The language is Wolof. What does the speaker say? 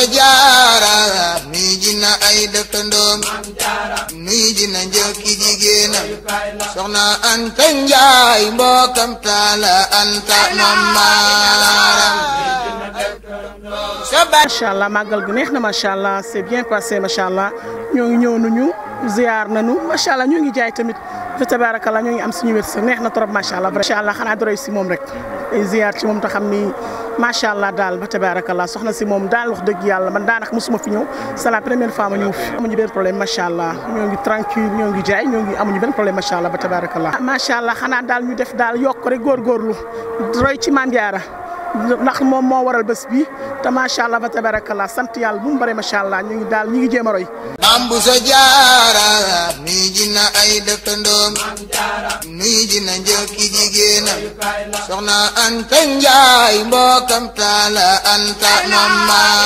Samba Jaara ay dëkkandoom nuy ji na njëkki jigéenam soxna Anta Njaay mbokkam taala Anta mamaaram macha allah gi neex na macha allah c'est bien passé macha allah ñoo nu ñu nañu ziar nañu macha allah ngi jaay tamit fa tabarakallah ñoo ngi am suñu wërsëg neex na trop macha allah. macha allah xanaa doy si moom rek ay macha allah daal ba tabaarakallah soxna si moom daal wax dëgg yàlla man daanaka mosuma fi ñëw c'est la première fois ma ñëw fi amuñu benn problème macha allah ñoo ngi tranquille ñoo ngi jaay ñoo ngi amuñu benn problème macha allah ba tabaarakallah macha allah xanaa daal ñu def daal yokk rek góorgóorlu roy ci Mame Diarra ndax moom moo waral bés bi te macha allah ba tabaarakallah sant yàlla bu mu bare macha allah ñu ngi daal ñu ngi jéem a roy. Mame Bousso Diarra mi maamam nuy dina njëkki jigéenam soxna Anta Njaay mbokkam taala Anta mamam